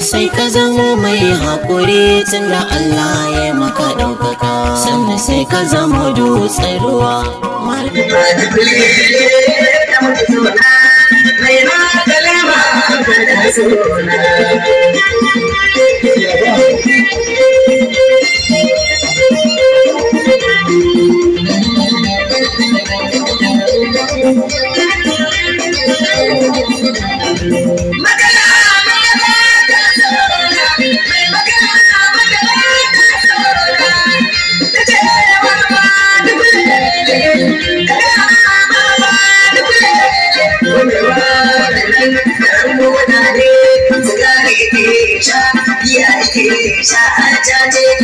sai ka zama mai haƙuri tun da Allah ya maka ɗaukaka sannan sai ka zama dutsen ruwa Magana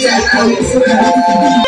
I'm Thank you.